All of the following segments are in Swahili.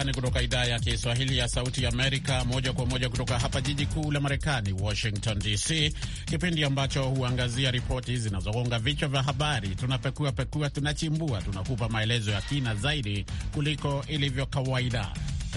Undani kutoka idhaa ya Kiswahili ya Sauti Amerika, moja kwa moja kutoka hapa jiji kuu la Marekani, Washington DC, kipindi ambacho huangazia ripoti zinazogonga vichwa vya habari. Tunapekua pekua, tunachimbua, tunakupa maelezo ya kina zaidi kuliko ilivyo kawaida.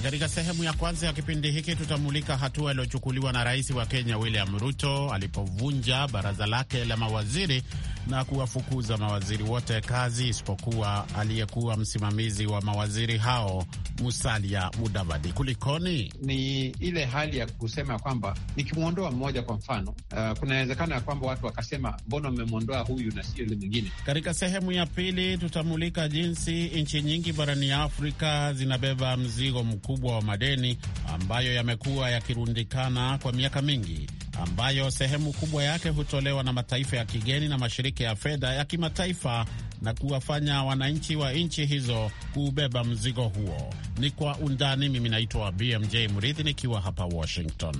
Katika sehemu ya kwanza ya kipindi hiki tutamulika hatua iliyochukuliwa na rais wa Kenya William Ruto alipovunja baraza lake la mawaziri na kuwafukuza mawaziri wote kazi isipokuwa aliyekuwa msimamizi wa mawaziri hao Musalia Mudavadi. Kulikoni? Ni ile hali ya kusema kwamba nikimwondoa mmoja, kwa mfano uh, kunawezekana ya kwamba watu wakasema mbona mmemwondoa huyu na sio yule mwingine. Katika sehemu ya pili tutamulika jinsi nchi nyingi barani ya Afrika zinabeba mzigo mkubwa wa madeni ambayo yamekuwa yakirundikana kwa miaka mingi ambayo sehemu kubwa yake hutolewa na mataifa ya kigeni na mashirika ya fedha ya kimataifa na kuwafanya wananchi wa nchi hizo kubeba mzigo huo. Ni kwa undani. Mimi naitwa BMJ Murithi nikiwa hapa Washington.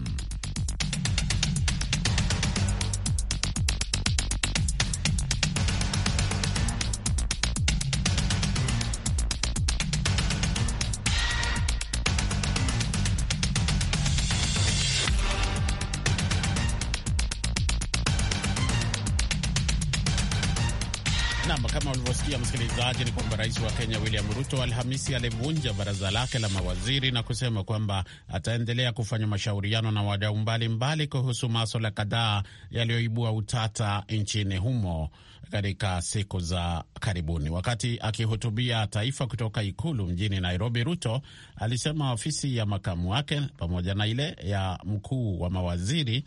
msikilizaji, ni kwamba rais wa Kenya William Ruto Alhamisi alivunja baraza lake la mawaziri na kusema kwamba ataendelea kufanya mashauriano na wadau mbalimbali kuhusu maswala kadhaa yaliyoibua utata nchini humo katika siku za karibuni. Wakati akihutubia taifa kutoka ikulu mjini Nairobi, Ruto alisema ofisi ya makamu wake pamoja na ile ya mkuu wa mawaziri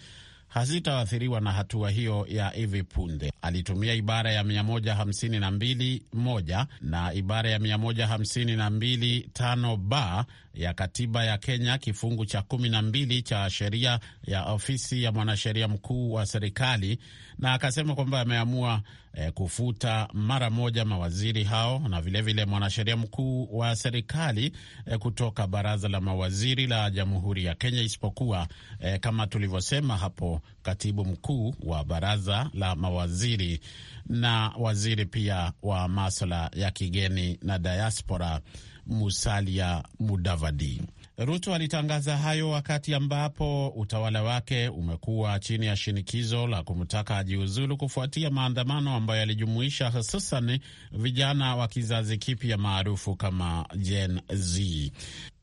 hazitaathiriwa na hatua hiyo ya hivi punde. Alitumia ibara ya 152 moja na ibara ya 152 tano ba ya katiba ya Kenya kifungu cha kumi na mbili cha sheria ya ofisi ya mwanasheria mkuu wa serikali, na akasema kwamba ameamua eh, kufuta mara moja mawaziri hao na vilevile mwanasheria mkuu wa serikali eh, kutoka baraza la mawaziri la Jamhuri ya Kenya, isipokuwa eh, kama tulivyosema hapo, katibu mkuu wa baraza la mawaziri na waziri pia wa maswala ya kigeni na diaspora Musalia Mudavadi. Ruto alitangaza hayo wakati ambapo utawala wake umekuwa chini ya shinikizo la kumtaka ajiuzulu kufuatia maandamano ambayo yalijumuisha hususan vijana wa kizazi kipya maarufu kama Gen Z.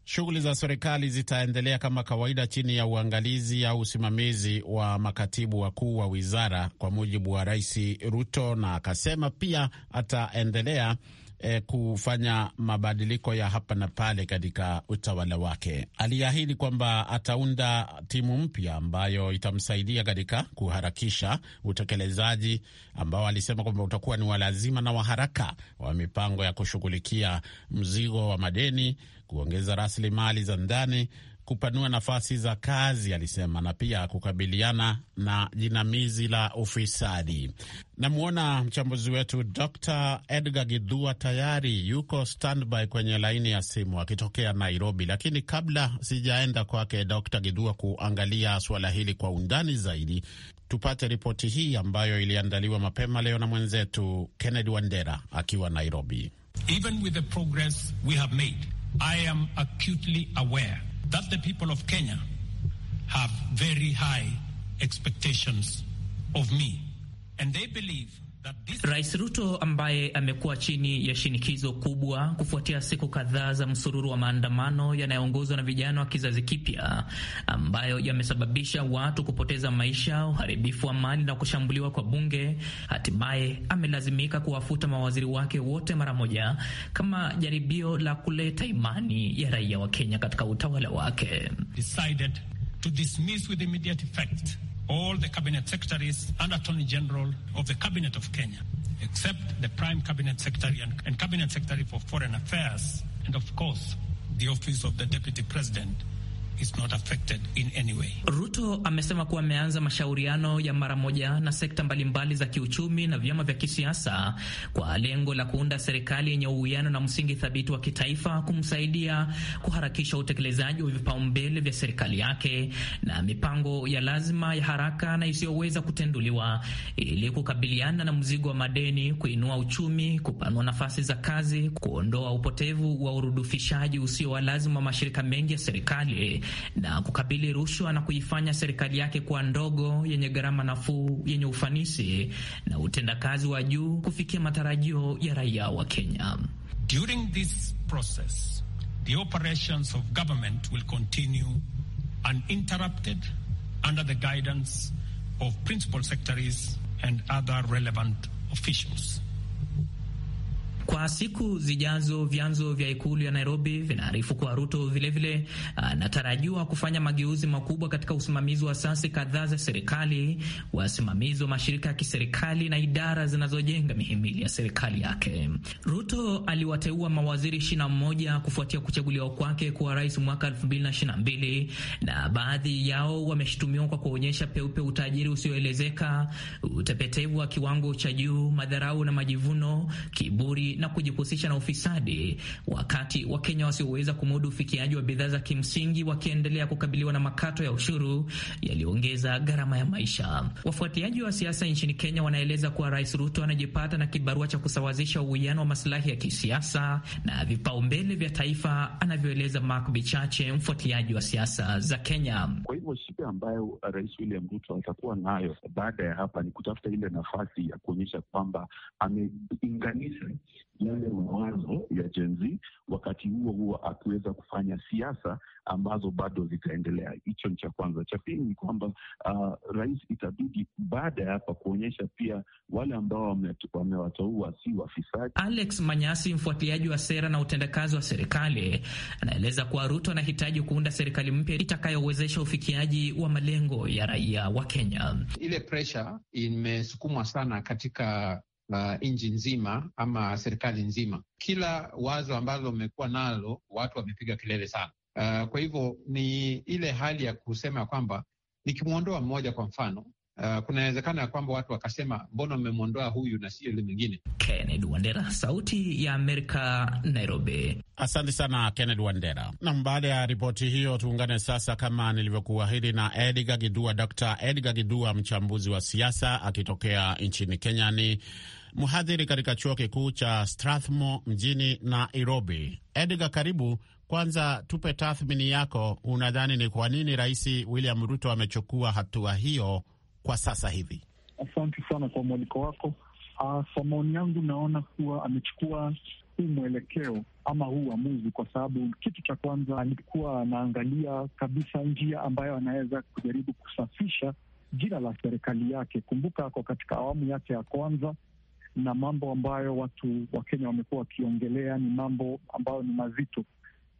Shughuli za serikali zitaendelea kama kawaida chini ya uangalizi au usimamizi wa makatibu wakuu wa wizara, kwa mujibu wa Rais Ruto, na akasema pia ataendelea eh, kufanya mabadiliko ya hapa na pale katika utawala wake. Aliahidi kwamba ataunda timu mpya ambayo itamsaidia katika kuharakisha utekelezaji ambao alisema kwamba utakuwa ni walazima na waharaka wa mipango ya kushughulikia mzigo wa madeni, kuongeza rasilimali za ndani kupanua nafasi za kazi, alisema, na pia kukabiliana na jinamizi la ufisadi. Namwona mchambuzi wetu Dr Edgar Gidhua tayari yuko standby kwenye laini ya simu akitokea Nairobi. Lakini kabla sijaenda kwake Dr Gidhua kuangalia suala hili kwa undani zaidi, tupate ripoti hii ambayo iliandaliwa mapema leo na mwenzetu Kennedy Wandera akiwa Nairobi. Even with the progress we have made, I am acutely aware that the people of Kenya have very high expectations of me. And they believe Rais Ruto ambaye amekuwa chini ya shinikizo kubwa kufuatia siku kadhaa za msururu wa maandamano yanayoongozwa na vijana wa kizazi kipya ambayo yamesababisha watu kupoteza maisha, uharibifu wa mali na kushambuliwa kwa bunge, hatimaye amelazimika kuwafuta mawaziri wake wote mara moja kama jaribio la kuleta imani ya raia wa Kenya katika utawala wake. Decided to dismiss with immediate effect all the cabinet secretaries and attorney general of the cabinet of Kenya, except the prime cabinet secretary and, and cabinet secretary for foreign affairs, and of course, the office of the deputy president is not affected in any way. Ruto amesema kuwa ameanza mashauriano ya mara moja na sekta mbalimbali za kiuchumi na vyama vya kisiasa kwa lengo la kuunda serikali yenye uwiano na msingi thabiti wa kitaifa kumsaidia kuharakisha utekelezaji wa vipaumbele vya serikali yake na mipango ya lazima ya haraka na isiyoweza kutenduliwa ili kukabiliana na mzigo wa madeni, kuinua uchumi, kupanua nafasi za kazi, kuondoa upotevu wa urudufishaji usio wa lazima wa mashirika mengi ya serikali na kukabili rushwa na kuifanya serikali yake kuwa ndogo, yenye gharama nafuu, yenye ufanisi na utendakazi wa juu kufikia matarajio ya raia wa Kenya. During this process, the operations of government will continue uninterrupted under the guidance of principal secretaries and other relevant officials. Kwa siku zijazo, vyanzo vya ikulu ya Nairobi vinaarifu kuwa Ruto vilevile uh, anatarajiwa kufanya mageuzi makubwa katika usimamizi wa asasi kadhaa za serikali, wasimamizi wa mashirika ya kiserikali na idara zinazojenga mihimili ya serikali yake. Ruto aliwateua mawaziri 21 kufuatia kuchaguliwa kwake kuwa rais mwaka 2022 na baadhi yao wameshutumiwa kwa kuonyesha peupe utajiri usioelezeka, utepetevu wa kiwango cha juu, madharau na majivuno, kiburi na kujihusisha na ufisadi, wakati Wakenya wasioweza kumudu ufikiaji wa bidhaa za kimsingi wakiendelea kukabiliwa na makato ya ushuru yaliyoongeza gharama ya maisha. Wafuatiliaji wa siasa nchini Kenya wanaeleza kuwa Rais Ruto anajipata na kibarua cha kusawazisha uwiano wa masilahi ya kisiasa na vipaumbele vya taifa, anavyoeleza Mark Bichache, mfuatiliaji wa siasa za Kenya. Kwa hivyo shida ambayo Rais William Ruto atakuwa nayo baada ya hapa ni kutafuta ile nafasi ya kuonyesha kwamba ameinganisha yale mawazo ya jenzi wakati huo huo akiweza kufanya siasa ambazo bado zitaendelea. Hicho ni cha kwanza. Cha pili ni kwamba uh, rais itabidi baada ya hapa kuonyesha pia wale ambao wamewatoua si wafisadi. Alex Manyasi, mfuatiliaji wa sera na utendakazi wa serikali, anaeleza kuwa Ruto anahitaji kuunda serikali mpya itakayowezesha ufikiaji wa malengo ya raia wa Kenya. Ile presha imesukumwa sana katika nchi nzima ama serikali nzima. Kila wazo ambalo umekuwa nalo watu wamepiga kelele sana. Uh, kwa hivyo ni ile hali ya kusema kwamba nikimwondoa mmoja, kwa mfano Eh, kunawezekana ya kwamba watu wakasema mbona mmemwondoa huyu na si yule mwingine. Kennedy Wandera, Sauti ya Amerika, Nairobi. Asante sana Kennedy Wandera. Nam, baada ya ripoti hiyo, tuungane sasa kama nilivyokuahidi na Edgar Gidua, Dr. Edgar Gidua, mchambuzi wa siasa akitokea nchini Kenya, ni mhadhiri katika chuo kikuu cha Strathmore mjini Nairobi. Edgar, karibu. Kwanza tupe tathmini yako, unadhani ni kwa nini Rais William Ruto amechukua hatua hiyo kwa sasa hivi? Asante sana kwa mwaliko wako. Uh, kwa maoni yangu naona kuwa amechukua huu mwelekeo ama huu uamuzi kwa sababu kitu cha kwanza alikuwa anaangalia kabisa njia ambayo anaweza kujaribu kusafisha jina la serikali yake. Kumbuka ako katika awamu yake ya kwanza, na mambo ambayo watu wa Kenya wamekuwa wakiongelea ni mambo ambayo ni mazito.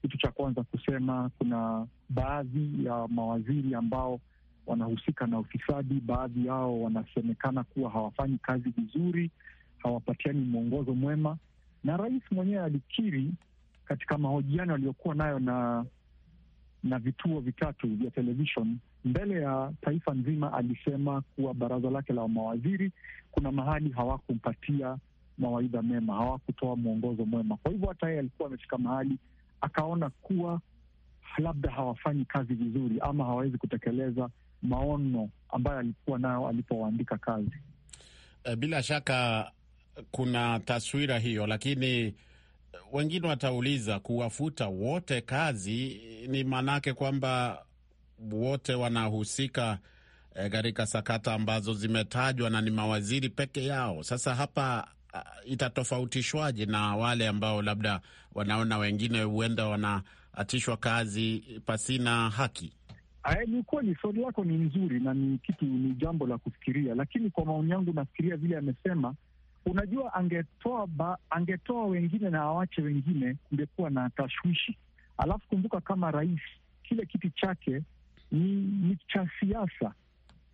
Kitu cha kwanza kusema, kuna baadhi ya mawaziri ambao wanahusika na ufisadi. Baadhi yao wanasemekana kuwa hawafanyi kazi vizuri, hawapatiani mwongozo mwema, na rais mwenyewe alikiri katika mahojiano aliyokuwa nayo na na vituo vitatu vya television mbele ya taifa nzima, alisema kuwa baraza lake la mawaziri kuna mahali hawakumpatia mawaidha mema, hawakutoa mwongozo mwema. Kwa hivyo hata yeye alikuwa amefika mahali akaona kuwa labda hawafanyi kazi vizuri ama hawawezi kutekeleza maono ambayo alikuwa nayo alipowaandika kazi. Eh, bila shaka kuna taswira hiyo, lakini wengine watauliza kuwafuta wote kazi ni maanake kwamba wote wanahusika eh, katika e, sakata ambazo zimetajwa na ni mawaziri peke yao. Sasa hapa ah, itatofautishwaje na wale ambao labda wanaona wengine huenda wanaatishwa kazi pasina haki? Ni kweli swali lako ni nzuri na ni kitu, ni jambo la kufikiria, lakini kwa maoni yangu nafikiria vile amesema, unajua, angetoa ba, angetoa wengine na awache wengine, kungekuwa na tashwishi. Alafu kumbuka, kama rais, kile kiti chake ni, ni cha siasa.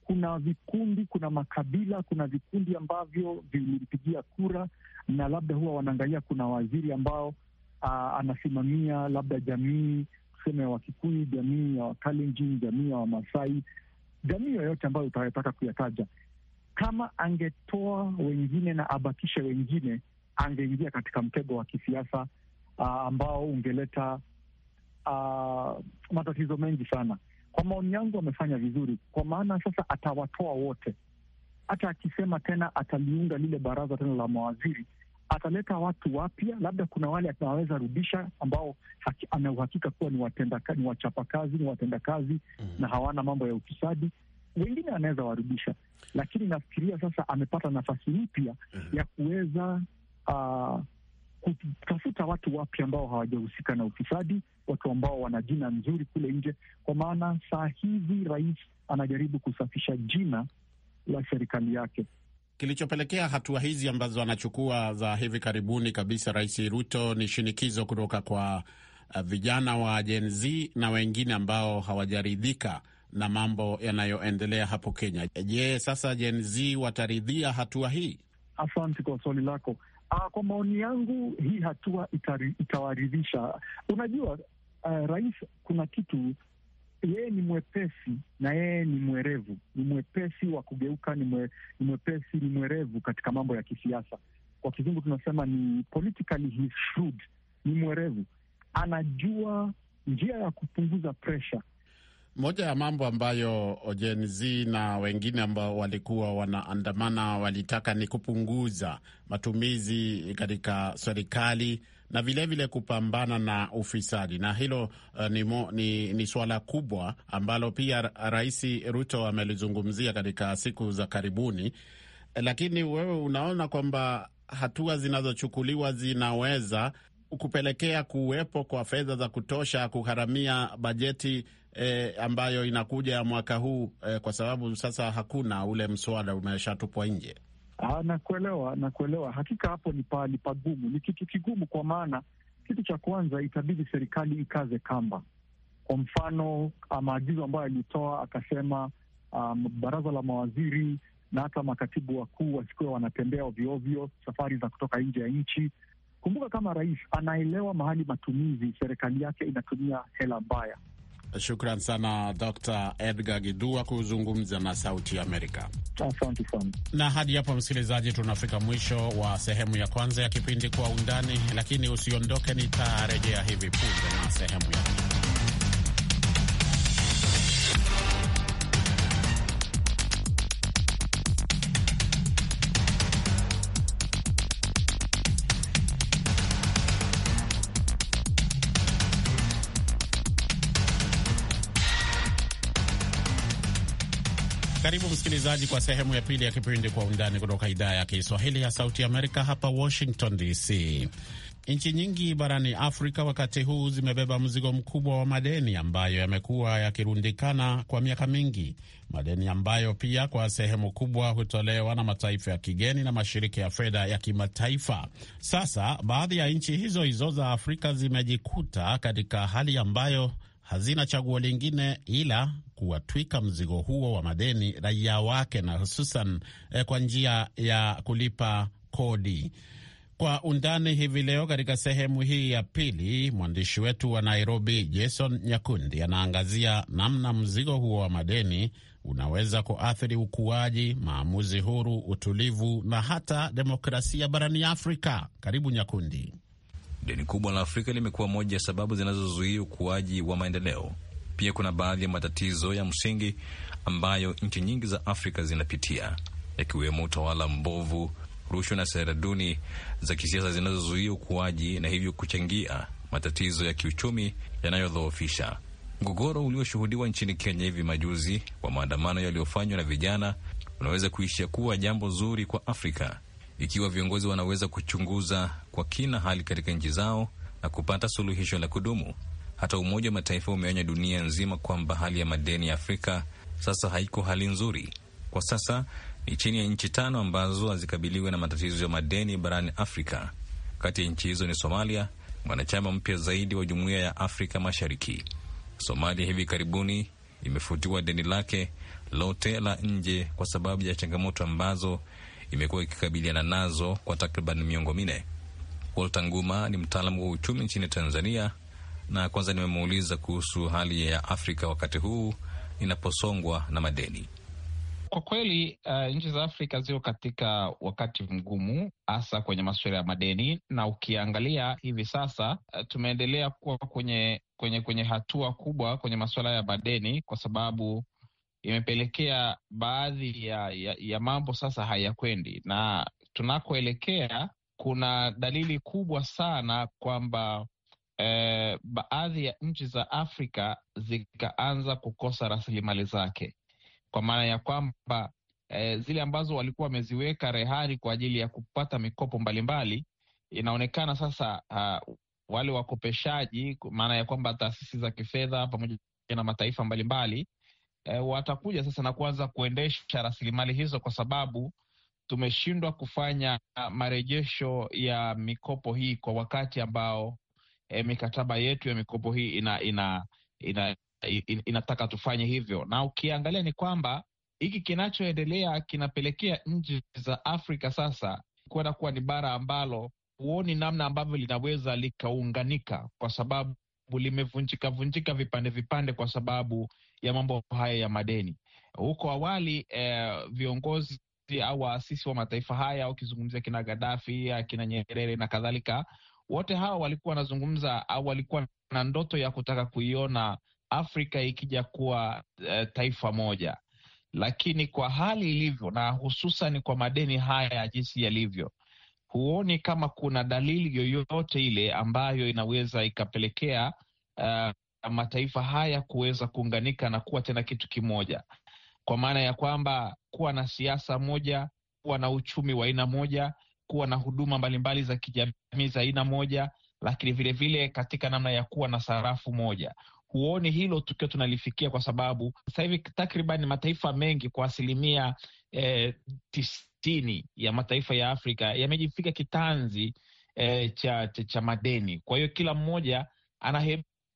Kuna vikundi, kuna makabila, kuna vikundi ambavyo vilimpigia kura, na labda huwa wanaangalia kuna waziri ambao aa, anasimamia labda jamii tuseme ya Wakikuyu, jamii ya Wakalenjin, jamii ya Wamasai, jamii yoyote ambayo utayotaka kuyataja, kama angetoa wengine na abakishe wengine, angeingia katika mtego wa kisiasa uh, ambao ungeleta uh, matatizo mengi sana. Kwa maoni yangu, amefanya vizuri, kwa maana sasa atawatoa wote. Hata akisema tena ataliunga lile baraza tena la mawaziri ataleta watu wapya, labda kuna wale ataweza rudisha ambao ana uhakika kuwa ni watenda, ni wachapakazi, ni watendakazi mm -hmm. na hawana mambo ya ufisadi. Wengine anaweza warudisha, lakini nafikiria sasa amepata nafasi mpya mm -hmm. ya kuweza uh, kutafuta watu wapya ambao hawajahusika na ufisadi, watu ambao wana jina nzuri kule nje, kwa maana saa hizi rais anajaribu kusafisha jina la serikali yake Kilichopelekea hatua hizi ambazo anachukua za hivi karibuni kabisa Rais Ruto ni shinikizo kutoka kwa eh, vijana wa Gen Z na wengine ambao hawajaridhika na mambo yanayoendelea hapo Kenya. Je, sasa Gen Z wataridhia hatua hii? Asante kwa swali lako. Uh, kwa maoni yangu hii hatua itawaridhisha. Unajua uh, rais kuna kitu yeye ni mwepesi na yeye ni mwerevu, ni mwepesi wa kugeuka, ni, mwe, ni mwepesi, ni mwerevu katika mambo ya kisiasa. Kwa kizungu tunasema ni politically he's shrewd, ni mwerevu, anajua njia ya kupunguza presha. Moja ya mambo ambayo Gen Z na wengine ambao walikuwa wanaandamana walitaka ni kupunguza matumizi katika serikali na vilevile vile kupambana na ufisadi, na hilo uh, ni, mo, ni, ni swala kubwa ambalo pia Rais Ruto amelizungumzia katika siku za karibuni. Lakini wewe unaona kwamba hatua zinazochukuliwa zinaweza kupelekea kuwepo kwa fedha za kutosha kugharamia bajeti e, ambayo inakuja ya mwaka huu e, kwa sababu sasa hakuna ule mswada umeshatupwa nje. Ah, nakuelewa, nakuelewa. Hakika hapo ni pahali pagumu, ni kitu kigumu, kwa maana kitu cha kwanza itabidi serikali ikaze kamba. Kwa mfano ah, maagizo ambayo alitoa akasema, um, baraza la mawaziri na hata makatibu wakuu wasikuwa wanatembea ovyoovyo, safari za kutoka nje ya nchi. Kumbuka kama rais anaelewa mahali matumizi, serikali yake inatumia hela mbaya. Shukran sana Dr. Edgar Gidua kuzungumza na Sauti Amerika. Na hadi hapo, msikilizaji, tunafika mwisho wa sehemu ya kwanza ya kipindi Kwa Undani, lakini usiondoke, nitarejea hivi punde na sehemu ya msikilizaji, kwa sehemu ya pili ya kipindi Kwa Undani kutoka idhaa ya Kiswahili ya Sauti Amerika, hapa Washington DC. Nchi nyingi barani Afrika wakati huu zimebeba mzigo mkubwa wa madeni ambayo yamekuwa yakirundikana kwa miaka mingi, madeni ambayo pia kwa sehemu kubwa hutolewa na mataifa ya kigeni na mashirika ya fedha ya kimataifa. Sasa baadhi ya nchi hizo hizo za Afrika zimejikuta katika hali ambayo hazina chaguo lingine ila kuwatwika mzigo huo wa madeni raia wake na hususan eh, kwa njia ya kulipa kodi. Kwa undani hivi leo katika sehemu hii ya pili, mwandishi wetu wa Nairobi Jason Nyakundi anaangazia namna mzigo huo wa madeni unaweza kuathiri ukuaji, maamuzi huru, utulivu na hata demokrasia barani Afrika. Karibu Nyakundi. Deni kubwa la Afrika limekuwa moja ya sababu zinazozuia ukuaji wa maendeleo pia kuna baadhi ya matatizo ya msingi ambayo nchi nyingi za Afrika zinapitia yakiwemo utawala mbovu, rushwa na sera duni za kisiasa zinazozuia ukuaji na hivyo kuchangia matatizo ya kiuchumi yanayodhoofisha. Mgogoro ulioshuhudiwa nchini Kenya hivi majuzi wa maandamano yaliyofanywa na vijana unaweza kuishia kuwa jambo zuri kwa Afrika ikiwa viongozi wanaweza kuchunguza kwa kina hali katika nchi zao na kupata suluhisho la kudumu. Hata Umoja wa Mataifa umeonya dunia nzima kwamba hali ya madeni ya Afrika sasa haiko hali nzuri. Kwa sasa ni chini ya nchi tano ambazo hazikabiliwe na matatizo ya madeni barani Afrika. Kati ya nchi hizo ni Somalia, mwanachama mpya zaidi wa Jumuiya ya Afrika Mashariki. Somalia hivi karibuni imefutiwa deni lake lote la nje kwa sababu ya changamoto ambazo imekuwa ikikabiliana nazo kwa takriban miongo minne. Walter Nguma ni mtaalamu wa uchumi nchini Tanzania na kwanza nimemuuliza kuhusu hali ya Afrika wakati huu inaposongwa na madeni. Kwa kweli uh, nchi za Afrika ziko katika wakati mgumu, hasa kwenye masuala ya madeni, na ukiangalia hivi sasa uh, tumeendelea kuwa kwenye, kwenye, kwenye hatua kubwa kwenye masuala ya madeni, kwa sababu imepelekea baadhi ya, ya, ya mambo sasa hayakwendi, na tunakoelekea kuna dalili kubwa sana kwamba eh, baadhi ya nchi za Afrika zikaanza kukosa rasilimali zake, kwa maana ya kwamba eh, zile ambazo walikuwa wameziweka rehani kwa ajili ya kupata mikopo mbalimbali, inaonekana sasa uh, wale wakopeshaji, maana ya kwamba taasisi za kifedha pamoja na mataifa mbalimbali eh, watakuja sasa na kuanza kuendesha rasilimali hizo kwa sababu tumeshindwa kufanya ah, marejesho ya mikopo hii kwa wakati ambao e, mikataba yetu ya mikopo hii ina, ina, ina, ina, inataka tufanye hivyo, na ukiangalia ni kwamba hiki kinachoendelea kinapelekea nchi za Afrika sasa kuenda kuwa ni bara ambalo huoni namna ambavyo linaweza likaunganika kwa sababu limevunjika vunjika vipande vipande kwa sababu ya mambo haya ya madeni. Huko awali eh, viongozi au waasisi wa mataifa haya ukizungumzia kina Gaddafi, akina Nyerere na kadhalika, wote hawa walikuwa wanazungumza au walikuwa na ndoto ya kutaka kuiona Afrika ikija kuwa e, taifa moja, lakini kwa hali ilivyo na hususan kwa madeni haya ya jinsi yalivyo, huoni kama kuna dalili yoyote ile ambayo inaweza ikapelekea uh, mataifa haya kuweza kuunganika na kuwa tena kitu kimoja, kwa maana ya kwamba kuwa na siasa moja, kuwa na uchumi wa aina moja kuwa na huduma mbalimbali za kijamii za aina moja, lakini vilevile katika namna ya kuwa na sarafu moja. Huoni hilo tukiwa tunalifikia, kwa sababu sasa hivi takriban mataifa mengi kwa asilimia eh, tisini ya mataifa ya Afrika yamejifika kitanzi eh, cha, cha, cha madeni. Kwa hiyo kila mmoja ana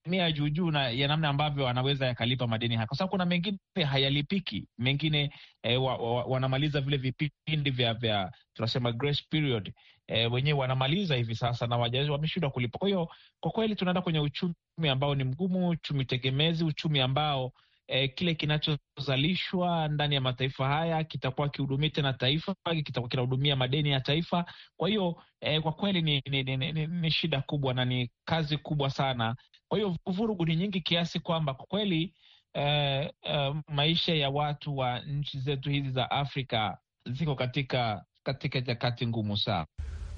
mia juu juu na ya namna ambavyo anaweza yakalipa madeni haya, kwa sababu kuna mengine hayalipiki, mengine eh, wa, wa, wanamaliza vile vipindi vya vya tunasema grace period eh, wenyewe wanamaliza hivi sasa na wajaji wameshindwa kulipa. Kwa hiyo kwa kweli tunaenda kwenye uchumi ambao ni mgumu, uchumi tegemezi, uchumi ambao eh, kile kinachozalishwa ndani ya mataifa haya kitakuwa kihudumii tena taifa, kitakuwa kinahudumia madeni ya taifa. Kwa hiyo eh, kwa kweli ni, ni, ni, ni, ni shida kubwa na ni kazi kubwa sana. Kwa hiyo vurugu ni nyingi kiasi kwamba kwa kweli eh, eh, maisha ya watu wa nchi zetu hizi za Afrika ziko katika katika jakati ngumu sana.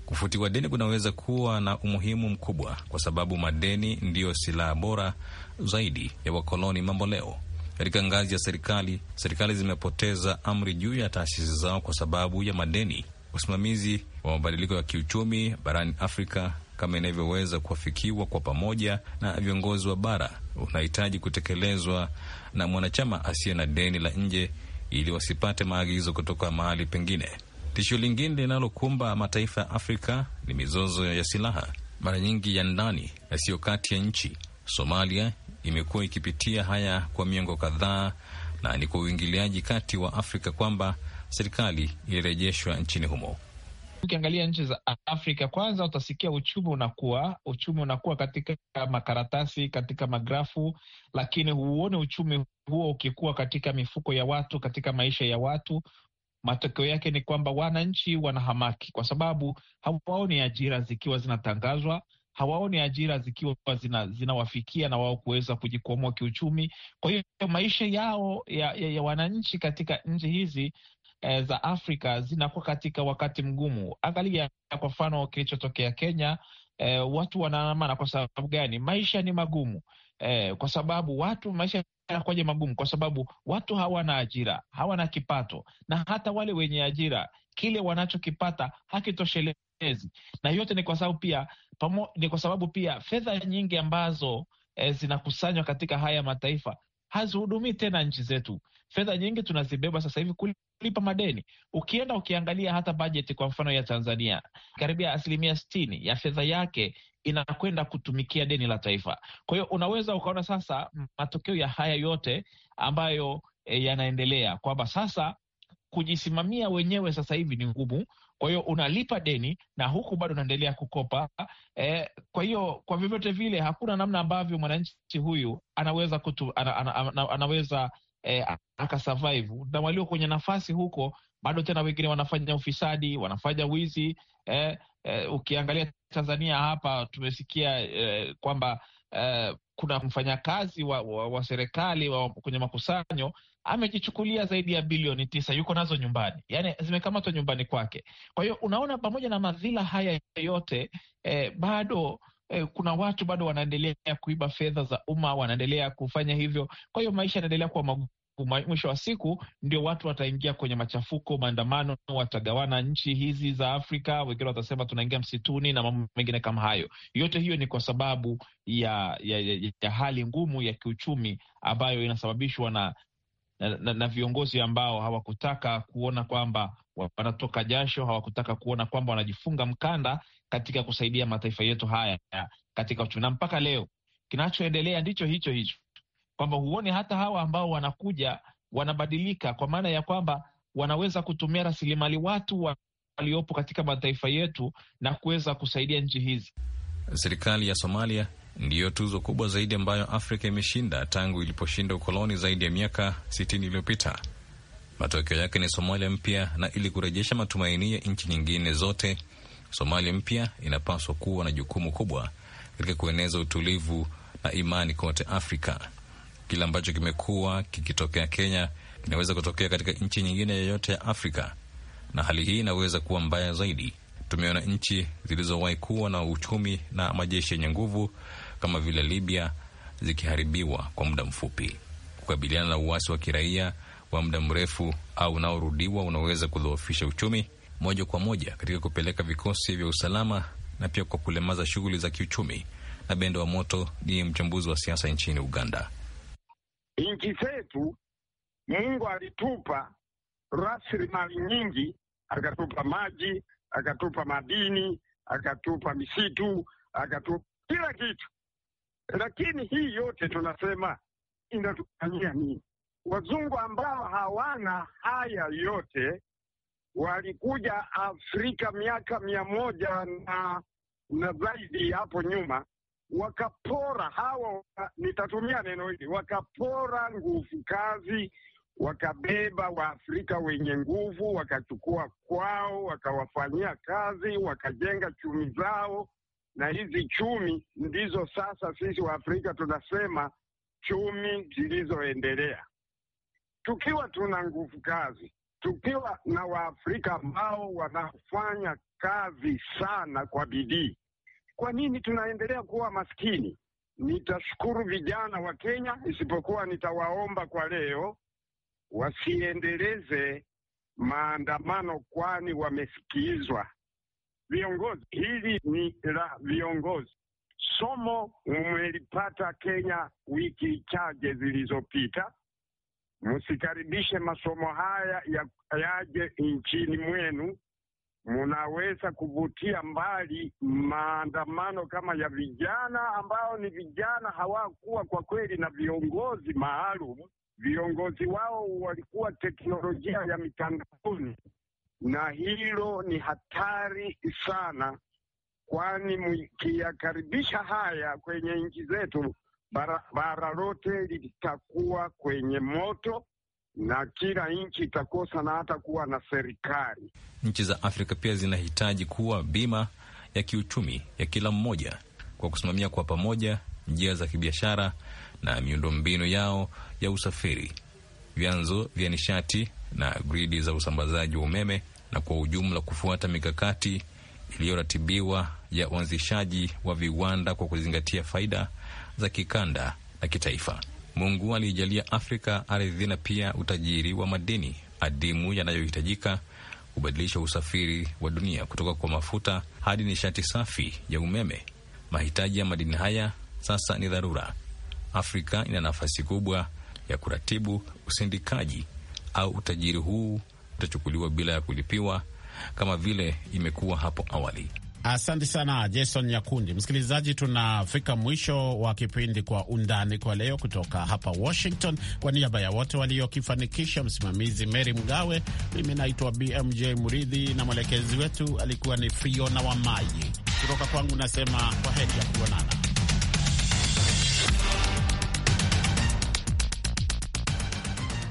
Kufutiwa deni kunaweza kuwa na umuhimu mkubwa, kwa sababu madeni ndiyo silaha bora zaidi ya wakoloni mambo leo katika ngazi ya serikali, serikali zimepoteza amri juu ya taasisi zao kwa sababu ya madeni, usimamizi wa mabadiliko ya kiuchumi barani Afrika kama inavyoweza kuafikiwa kwa pamoja na viongozi wa bara unahitaji kutekelezwa na mwanachama asiye na deni la nje ili wasipate maagizo kutoka mahali pengine. Tishio lingine linalokumba mataifa ya Afrika ni mizozo ya silaha, mara nyingi ya ndani yasiyo kati ya nchi. Somalia imekuwa ikipitia haya kwa miongo kadhaa, na ni kwa uingiliaji kati wa Afrika kwamba serikali ilirejeshwa nchini humo. Ukiangalia nchi za Afrika kwanza, utasikia uchumi unakuwa, uchumi unakuwa katika makaratasi, katika magrafu, lakini huone uchumi huo ukikuwa katika mifuko ya watu, katika maisha ya watu. Matokeo yake ni kwamba wananchi wanahamaki, kwa sababu hawaoni ajira zikiwa zinatangazwa, hawaoni ajira zikiwa zinawafikia zina na wao kuweza kujikwamua kiuchumi. Kwa hiyo maisha yao ya, ya, ya wananchi katika nchi hizi eh, za Afrika zinakuwa katika wakati mgumu. Angalia kwa mfano kilichotokea Kenya. Eh, watu wanaandamana kwa sababu gani? Maisha ni magumu. Eh, kwa sababu watu maisha yanakuwaje magumu? Kwa sababu watu hawana ajira, hawana kipato, na hata wale wenye ajira kile wanachokipata hakitoshelezi, na yote ni kwa sababu pia Pamo, ni kwa sababu pia fedha nyingi ambazo e, zinakusanywa katika haya mataifa hazihudumii tena nchi zetu. Fedha nyingi tunazibeba sasa hivi kulipa madeni. Ukienda ukiangalia hata bajeti kwa mfano ya Tanzania, karibia asilimia sitini ya fedha yake inakwenda kutumikia deni la taifa. Kwa hiyo unaweza ukaona sasa matokeo ya haya yote ambayo e, yanaendelea kwamba sasa kujisimamia wenyewe sasa hivi ni ngumu, kwa hiyo unalipa deni na huku bado unaendelea kukopa eh. Kwa hiyo kwa vyovyote vile hakuna namna ambavyo mwananchi huyu anaweza kutu, ana, ana, ana, anaweza eh, akasurvive na walio kwenye nafasi huko bado tena wengine wanafanya ufisadi, wanafanya wizi eh, eh, ukiangalia Tanzania hapa tumesikia eh, kwamba eh, kuna mfanyakazi wa, wa, wa serikali wa, kwenye makusanyo amejichukulia zaidi ya bilioni tisa, yuko nazo nyumbani, yani zimekamatwa nyumbani kwake. Kwa hiyo unaona, pamoja na madhila haya yote eh, bado eh, kuna watu bado wanaendelea kuiba fedha za umma, wanaendelea kufanya hivyo. Kwa hiyo maisha yanaendelea kuwa magumu. Mwisho wa siku ndio watu wataingia kwenye machafuko, maandamano, watagawana nchi hizi za Afrika. Wengine watasema tunaingia msituni na mambo mengine kama hayo. Yote hiyo ni kwa sababu ya, ya, ya, ya hali ngumu ya kiuchumi ambayo inasababishwa na na, na, na viongozi ambao hawakutaka kuona kwamba wanatoka jasho, hawakutaka kuona kwamba wanajifunga mkanda katika kusaidia mataifa yetu haya katika uchumi, na mpaka leo kinachoendelea ndicho hicho hicho, kwamba huoni hata hawa ambao wanakuja wanabadilika, kwa maana ya kwamba wanaweza kutumia rasilimali watu waliopo katika mataifa yetu na kuweza kusaidia nchi hizi. Serikali ya Somalia ndiyo tuzo kubwa zaidi ambayo Afrika imeshinda tangu iliposhinda ukoloni zaidi ya miaka 60 iliyopita. Matokeo yake ni Somalia mpya, na ili kurejesha matumaini ya nchi nyingine zote, Somalia mpya inapaswa kuwa na jukumu kubwa katika kueneza utulivu na imani kote Afrika. Kile ambacho kimekuwa kikitokea Kenya kinaweza kutokea katika nchi nyingine yoyote ya Afrika, na hali hii inaweza kuwa mbaya zaidi. Tumeona nchi zilizowahi kuwa na uchumi na majeshi yenye nguvu kama vile Libya zikiharibiwa kwa muda mfupi. Kukabiliana na uasi wa kiraia wa muda mrefu au unaorudiwa unaweza kudhoofisha uchumi moja kwa moja katika kupeleka vikosi vya usalama na pia kwa kulemaza shughuli za kiuchumi. Na Bendo wa Moto ni mchambuzi wa siasa nchini Uganda. Nchi zetu, Mungu alitupa rasilimali nyingi, akatupa maji, akatupa madini, akatupa misitu, akatupa kila kitu lakini hii yote tunasema inatufanyia nini? Wazungu ambao hawana haya yote walikuja Afrika miaka mia moja na na zaidi hapo nyuma, wakapora hawa, nitatumia neno hili, wakapora nguvu kazi, wakabeba Waafrika wenye nguvu, wakachukua kwao, wakawafanyia kazi, wakajenga chumi zao, na hizi chumi ndizo sasa sisi Waafrika tunasema chumi zilizoendelea. Tukiwa tuna nguvu kazi, tukiwa na Waafrika ambao wanafanya kazi sana kwa bidii, kwa nini tunaendelea kuwa maskini? Nitashukuru vijana wa Kenya, isipokuwa nitawaomba kwa leo wasiendeleze maandamano, kwani wamesikizwa viongozi. Hili ni la viongozi. Somo umelipata Kenya wiki chache zilizopita. Msikaribishe masomo haya ya yaje nchini mwenu, munaweza kuvutia mbali maandamano kama ya vijana ambao ni vijana hawakuwa kwa kweli na viongozi maalum. Viongozi wao walikuwa teknolojia ya mitandaoni na hilo ni hatari sana, kwani mkiyakaribisha haya kwenye nchi zetu, barabara lote litakuwa kwenye moto na kila nchi itakosa na hata kuwa na serikali. Nchi za Afrika pia zinahitaji kuwa bima ya kiuchumi ya kila mmoja kwa kusimamia kwa pamoja njia za kibiashara na miundombinu yao ya usafiri, vyanzo vya nishati na gridi za usambazaji wa umeme na kwa ujumla kufuata mikakati iliyoratibiwa ya uanzishaji wa viwanda kwa kuzingatia faida za kikanda na kitaifa. Mungu aliijalia Afrika ardhi na pia utajiri wa madini adimu yanayohitajika kubadilisha usafiri wa dunia kutoka kwa mafuta hadi nishati safi ya umeme. Mahitaji ya madini haya sasa ni dharura. Afrika ina nafasi kubwa ya kuratibu usindikaji au utajiri huu utachukuliwa bila ya kulipiwa kama vile imekuwa hapo awali. Asante sana Jason Nyakundi. Msikilizaji, tunafika mwisho wa kipindi Kwa Undani kwa leo, kutoka hapa Washington. Kwa niaba ya wote waliokifanikisha, msimamizi Mary Mgawe, mimi naitwa BMJ Muridhi na mwelekezi wetu alikuwa ni Fiona wa Maji. Kutoka kwangu nasema kwa heri ya kuonana.